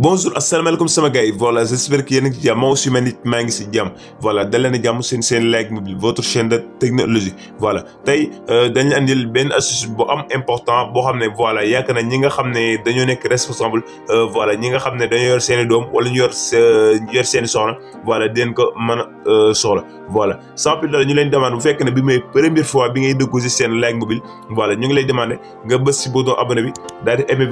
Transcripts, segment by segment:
bonjour asalaamaaleykum sama gars yi voilà j'espère que yéen a ngi ci jàmm maa aussi man it maa ngi si jàmm voilà dal jàmm seen seen like mobile votre chaîne de technologie voilà tey euh, dañu andil benn astuce bu am important boo xam ne voilà yaakaar na ñi nga xam ne dañoo nekk responsable euh, voilà ñi nga xam ne dañu yor seen doom wala ñu yor euh, yor seen i soxna voilà dinañ ko man a soxla voilà sans plus tarder ñu leen demande bu fekk ne bi mooy première fois bi ngay dugg si seen like mobile voilà ñu ngi lay demandé nga bës si bouton abonné bi daal di aimer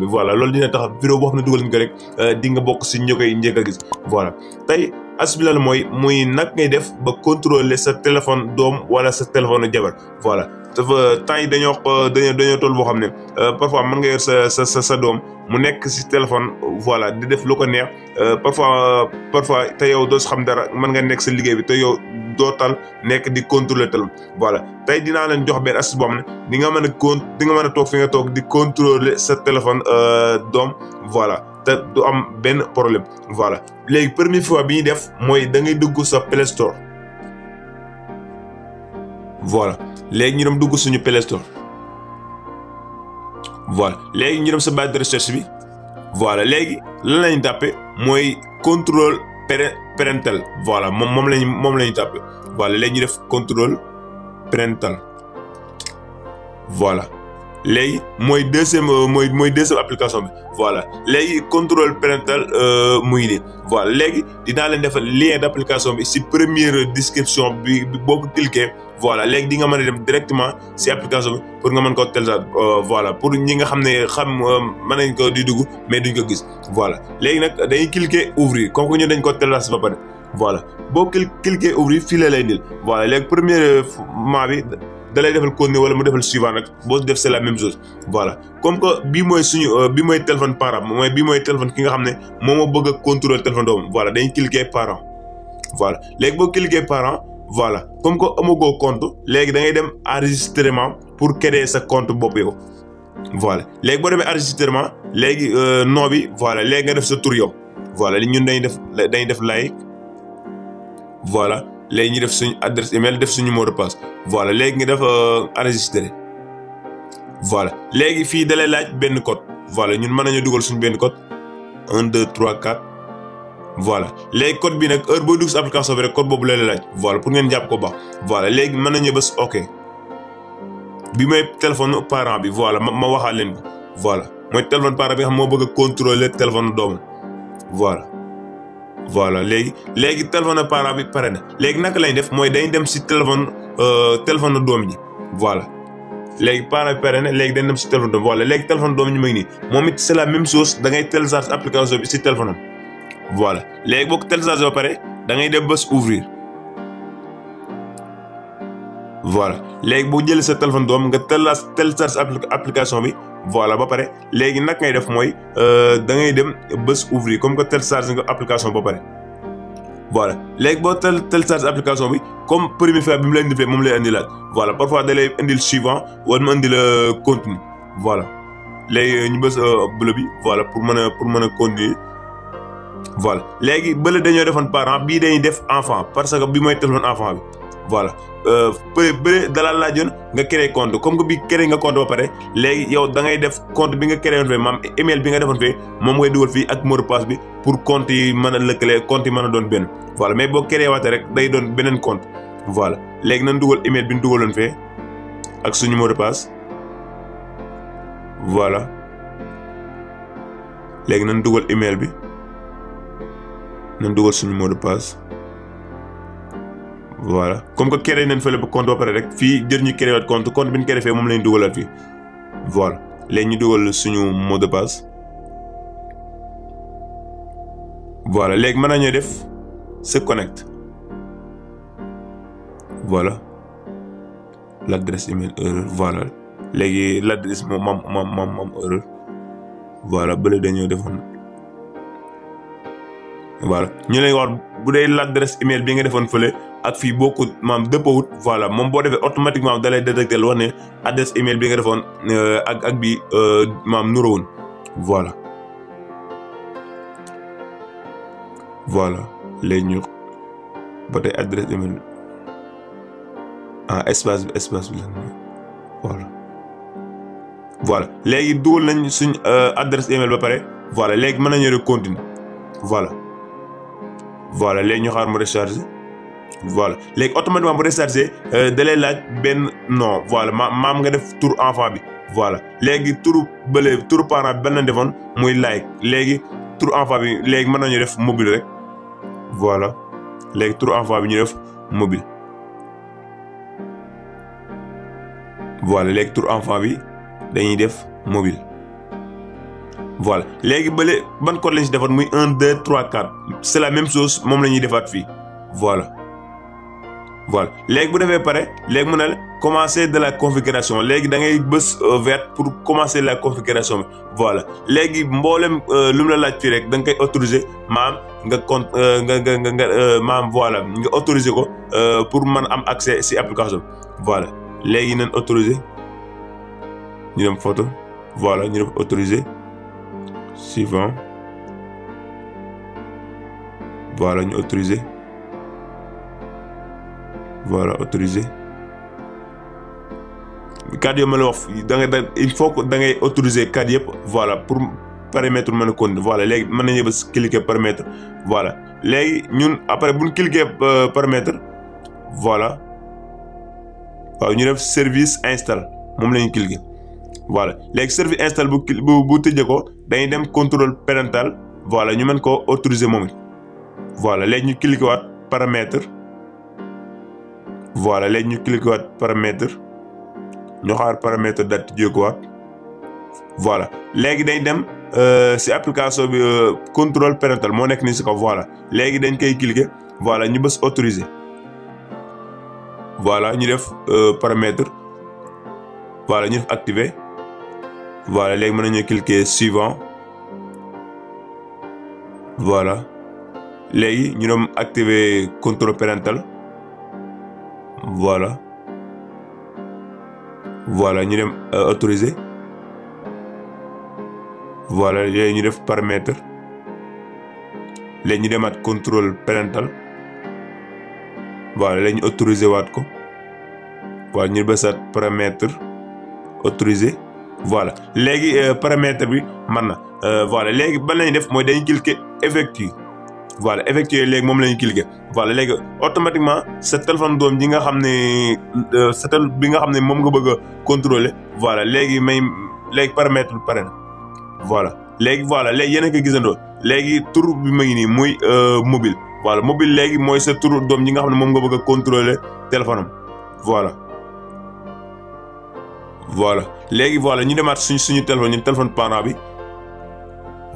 bi voilà loolu dina tax vidéo boo xam ne dugal nañ ko rek euh, di nga bokk si ñu koy njëkk a gis voilà tey asbilal mooy muy nag ngay def ba contrôler sa téléphone doom wala sa téléphone jabar voilà dafa temps yi dañoo euh, dañoo dañoo toll boo xam ne euh, parfois mën nga yor sa sa sa sa doom mu nekk si téléphone voilà di def lu ko neex euh, parfois parfois te yow doo si xam dara mën nga nekk sa liggéey bi te yow doo tal nekk di contrôler talam voilà tey dinaa leen jox benn astuce boo xam ne di nga mën a con di nga mën a toog fi nga toog di contrôler sa téléphone doom voilà te du am benn problème voilà léegi première fois bi ñu def mooy da ngay dugg sa Play Store voilà léegi ñu dugg suñu Play Store voilà léegi ñu dem sa barre de recherche bi voilà léegi lan lañu tàppe mooy contrôle parental voilà moom moom lañu moom lañu tàppe voilà léegi ñu def contrôle parental voilà léegi mooy deuxième euh, mooy mooy deuxième application bi voilà léegi contrôle parental euh, muy nii voilà léegi dinaa leen defal lien d' application bi si première description bi boo ko voilà léegi di nga mën a dem directement si application bi pour nga mën ko télécharger euh, voilà pour ñi nga xam ne xam euh, mën nañ ko di dugg mais duñ ko gis voilà léegi nag dañuy cliquer ouvrir comme que ñu dañ ko télécharger ba pare voilà boo cliquer ouvrir fii la lay indil voilà léegi premièrement bi da lay defal continuer wala mu defal suivant nag boo def c'est la même chose voilà comme que bii mooy suñu euh, bii mooy téléphone parent mooy bii mooy téléphone ki nga xam ne moom moo bëgg a contrôler téléphone doomam voilà dañuy cliquer parent voilà voilà comme que amago compte léegi da ngay dem enregistrement pour créer sa compte bopp yow voilà léegi boo demee enregistrement léegi euh, nom bi voilà léegi nga def sa tur yow voilà li ñun dañuy def dañuy def like voilà léegi ñu def suñu adresse email def suñu mot de passe voilà léegi nga def euh, enregistré voilà léegi fii dalay laaj benn code voilà ñun mën nañu dugal suñu benn code un deux trois voilà léegi code bi nag heure boo dugg si application bi rek code boobu la lay laaj voilà pour ngeen jàpp ko baax voilà léegi mën na bës ok bi may téléphone parent bi voilà ma ma waxaal leen ko voilà mooy téléphone parent bi moo bëgg a contrôler téléphone doomam voilà. voilà léegi léegi téléphone parent bi pare na léegi naka lañ def mooy dañ dem si téléphone euh, téléphone doom ji voilà léegi parent bi pare na léegi dañ dem si téléphone doom voilà léegi téléphone doom ji mu ngi nii moom it c'est la même chose da ngay télécharge voilà léegi boo ko téléchargé ba pare dangay dem def bés ouvrir voilà léegi boo jëlee sa téléphone doom nga tel télécharge application bi voilà ba pare léegi nag ngay def mooy euh, da ngay dem bés ouvrir comme que télécharge nga application ba pare. voilà léegi boo tel télécharge application bi comme premier fois bi mu lay fee moom lay indilaat voilà parfois da lay indil suivant wala mu indil euh, continue voilà léegi ñu bës euh, bleu bi voilà pour mën a pour mën a continuer. voilà léegi bële dañoo defoon parent bii dañuy def enfant parce que bi mooy tëloon enfant bi voilà euh, bële bële dalaa laajoon nga créer compte comme que bi keree nga compte ba pare léegi yow da ngay def compte bi nga créé woon fee maam email bi nga defoon fee moom ngay dugal fii ak mot passe bi pour compte yi mën a lëkkale compte yi mën a doon benn voilà mais boo keree waate rek day doon beneen compte voilà léegi nañ dugal email bi ñu dugaloon ak suñu mot voilà léegi nañ dugal email bi nañ dugal suñu mot de passe voilà comme que créé nañ fële ba compte ba pare rek fii jër ñu créé waat compte compte bi ñu créé fee moom lañ dugalaat léegi ñu dugal suñu mot de passe voilà léegi mën nañoo def se connect voilà l' adresse email erreur voilà léegi l' adresse moom moom moom moom erreur voilà bële dañoo defoon. voilà ñu lay wax bu dee l'adresse email bi nga defoon fële ak fii boo bokkut maam dëppawut voilà moom boo defee automatiquement da lay détecté wax ne adresse email bi nga defoon euh, ak ak bi euh, maam nuróowun voilà voilà léegi ñu ba tey léegi dugal nañ suñ euh, adresse email ba pare voilà léegi mën nañu rek continuer voilà voilà léegi ñu xaar mu recharger voilà léegi automatiquement bu recharger euh, da lay laaj benn non voilà ma maam nga def tur enfant bi voilà léegi turu bële turu parent bi benn lañ defoon muy like léegi turu enfant bi léegi mën nañu def mobile rek voilà léegi turu enfant bi ñu def mobile. voilà léegi turu enfant bi dañuy def mobile. voilà léegi bële ban collège lañ si defoon muy un deux trois quatre c'est la même chose moom la ñuy defaat fii voilà. voilà léegi bu defee pare léegi mu ne la commencer de la configuration léegi dangay ngay bës euh, vert pour commencer la configuration bi voilà léegi mboolem euh, lu mu la laaj fii rek da nga koy autoriser maam nga compte euh, nga nga nga nga maam voilà nga autoriser ko pour mën am accès si application voilà léegi nañ autoriser ñu dem photo voilà ñu dem autoriser. suivant voilà ñu autorisé voilà autorisé kàddu yoo ma la wax da nga da il faut que da ngay autorisé kàddu yëpp voilà pour permettre mën a continuer voilà léegi mën nañu ba cliquer permettre voilà léegi ñun après bu ñu cliquer euh, permettre voilà waaw ñu def service install moom lañu ñu voilà léegi service install bu bu bu tëjee ko dañuy dem contrôle parental voilà ñu mën koo autoriser moom it voilà ñu cliquer waat paramètre voilà ñu cliquer waat paramètre ñu xaar paramètre date voilà léegi dañ dem euh, si application bi euh, contrôle parental moo nekk ni si ko voilà léegi dañ koy cliquer voilà ñu bës autoriser voilà ñu def euh, paramètre voilà ñu def activer voilà léegi mën nañu cliquer suivant voilà léegi ñu doon activer contrôle parental voilà voilà ñu dem euh, autoriser voilà léegi ñu def paramètre léegi ñu demaat contrôle parental voilà léegi ñu autoriser waat ko voilà ñu bësaat paramètre autoriser voilà léegi euh, paramètre bi man na euh, voilà léegi ban lañu def mooy dañuy cliquer effectuer voilà effectuer léegi moom la ñu cliquer voilà léegi automatiquement sa téléphone doom ji nga xam ne euh, sa tel bi nga xam ne moom nga bëgg a contrôler voilà léegi may léegi paramètre bi pare na voilà léegi voilà léegi yéen a ngi gisandoo léegi tur bi may nii muy mobile voilà mobile léegi mooy sa tour doom ji nga xam ne moom nga bëgg a contrôler téléphone voilà. voilà léegi voilà ñu demaat suñ suñu téléphone ñu téléphone parent bi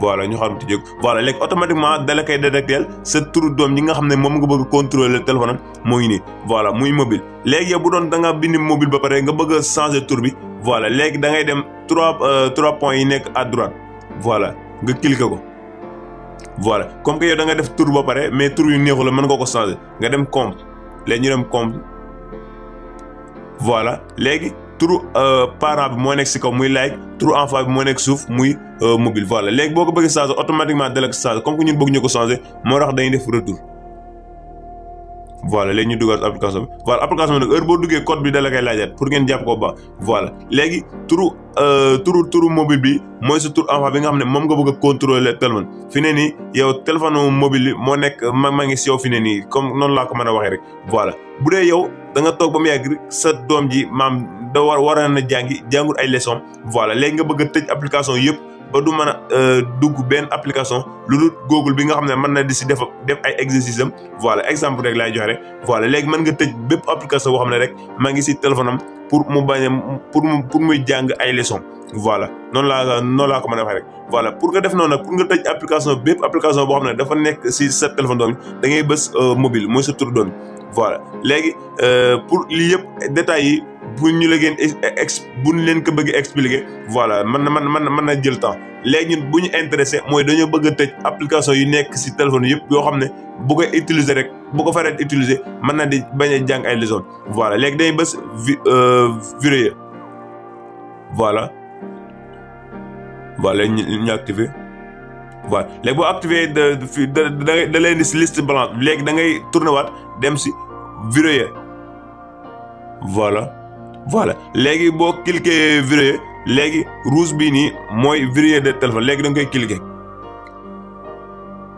voilà ñu xam te jóg voilà léegi automatiquement dala koy détecteel sa turu doom yi nga xam ne moom nga bëgg contrôler téléphone am moo ngi nii voilà muy mobile léegi yow bu doon da nga bind mobile ba pare nga bëgg changé changer tur bi voilà léegi da ngay dem trois euh, trois points yi nekk à droite voilà nga cliquer ko voilà comme que yow da nga def tur ba pare mais tur yu neexu la mën nga ko changer nga dem compte léegi ñu dem compte léegi. turu euh, parent bi moo nekk si kaw muy like turu enfant bi moo nekk suuf muy euh, mobile voilà léegi boo ko bëggee changer automatiquement delloo ko changer comme que ñun bëgg ñu ko changer moo tax dañuy def retour. voilà léegi ñu dugal application bi voilà application bi nag heure boo duggee code bi da la koy laajaat pour ngeen jàpp ko ba voilà euh, bi mooy sa tur enfant bi nga xam ne moom nga bëgg a contrôler téléphone fi ne nii yow téléphone mobile bi moo nekk ma ma ngi si yow fi ne nii comme noonu laa ko mën a waxee rek voilà bu dee yow danga nga toog ba mu yàgg sa doom ji maam da war war na jàngi jàngul ay leçon voilà léegi nga bëgg a tëj application yëpp ba du mën a euh, dugg benn application lu du Google bi nga xam ne mën naa di si def def ay exercice am voilà exemple rek laay joxe rek voilà léegi mën nga tëj bépp application boo xam ne rek maa ngi si téléphone pour mu bañ a pour mu jàng ay leçons voilà noonu laa noonu laa ko mën a waxee rek voilà pour def noonu nag nga tëj application bépp application xam ne dafa nekk si sa téléphone doom da ngay bës euh, mobile mooy sa tur doom voilà léegi euh, pour lii yëpp détails bu ñu la gën ex bu ñu leen ko bëgg expliquer voilà man na man man na jël temps léegi ñun bu ñu intéressé mooy dañoo bëgg a tëj application yu nekk si téléphone yëpp yoo xam ne bu koy utiliser rek bu ko faree utiliser mën na di bañ a jàng ay leçon voilà léegi dañuy bës vi euh, viré voilà voilà ñu activé voilà léegi boo activé da da da leen di si liste blanche léegi da ngay tourné dem si viré voilà. voilà léegi boo cliquer verrouiller léegi rouge bii nii mooy verrouiller de téléphone léegi da nga koy cliquer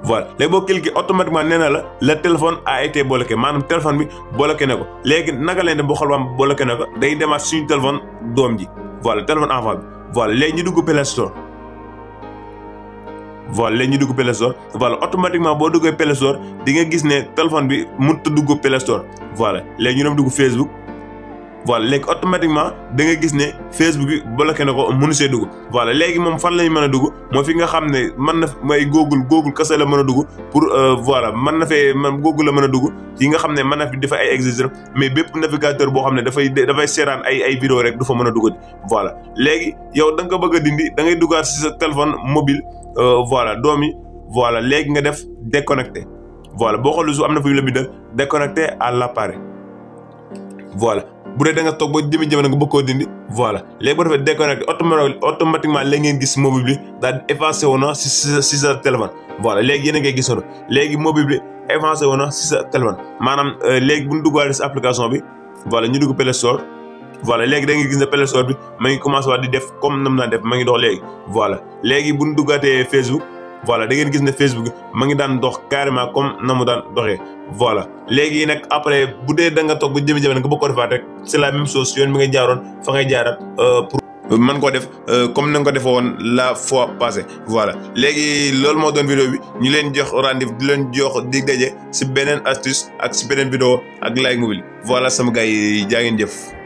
voilà léegi boo cliquer automatiquement nee na la le téléphone a été bloqué maanaam téléphone bi bloqué na ko léegi naka lañ def boo xool maanaam bloqué na ko day demaat suñu téléphone doom ji voilà téléphone enfant bi voilà léegi ñu dugg Play Store voilà léegi ñu dugg Play Store voilà automatiquement boo duggee Play Store di nga gis ne téléphone bi mënut a dugg Play voilà léegi ñu dem dugg Facebook. voilà léegi automatiquement da nga gis ne Facebook bi bloqué na ko munu see dugg voilà léegi moom fan lañ mën a dugg moo fi nga xam ne man na may Google Google kese la mën a dugg pour euh, voilà man na fee man Google la mën a dugg yi nga xam ne mën na fi dafa ay exigence mais bépp navigateur boo xam ne dafay dafay seeraan ay ay vidéo rek du fa mën a duggati voilà léegi yow da ko bëgg a dindi da ngay duggaat si sa téléphone mobile euh, voilà doom yi voilà léegi nga def déconnecté voilà boo xoolee su am na fu ñu la bindal déconnecté à l'appareil voilà bu dee da nga toog ba jëmi jamono nga bëgg koo dindi voilà léegi boo defee déconnecté automatiquement la ngeen gis mobile bi daal di effacé wu na si sa téléphone voilà léegi yéen a ngay gisoon léegi mobile bi effacé wu sa téléphone maanaam euh, léegi bu ñu duggaale si application bi voilà ñu dugg Play voilà léegi da ngay gis ne Play bi ma ngi commencé waat di def comme nam naa def ma ngi dox léegi voilà léegi bu ñu duggaatee Facebook voilà da ngeen gis ne Facebook ma ngi daan dox carrément comme na mu daan doxee voilà léegi nag après bu dee da nga toog ba jëm jamono nga bëgg ko defaat rek c'est la même chose yoon bi nga jaaroon fa ngay jaaraat euh, pour. man koo def euh, comme na nga ko defee woon la fois passée voilà léegi loolu moo doon vidéo bi ñu leen jox rendez-vous di leen jox dig daje si beneen astuce ak si beneen vidéo ak like mobile voilà sama gars yi jaa jëf.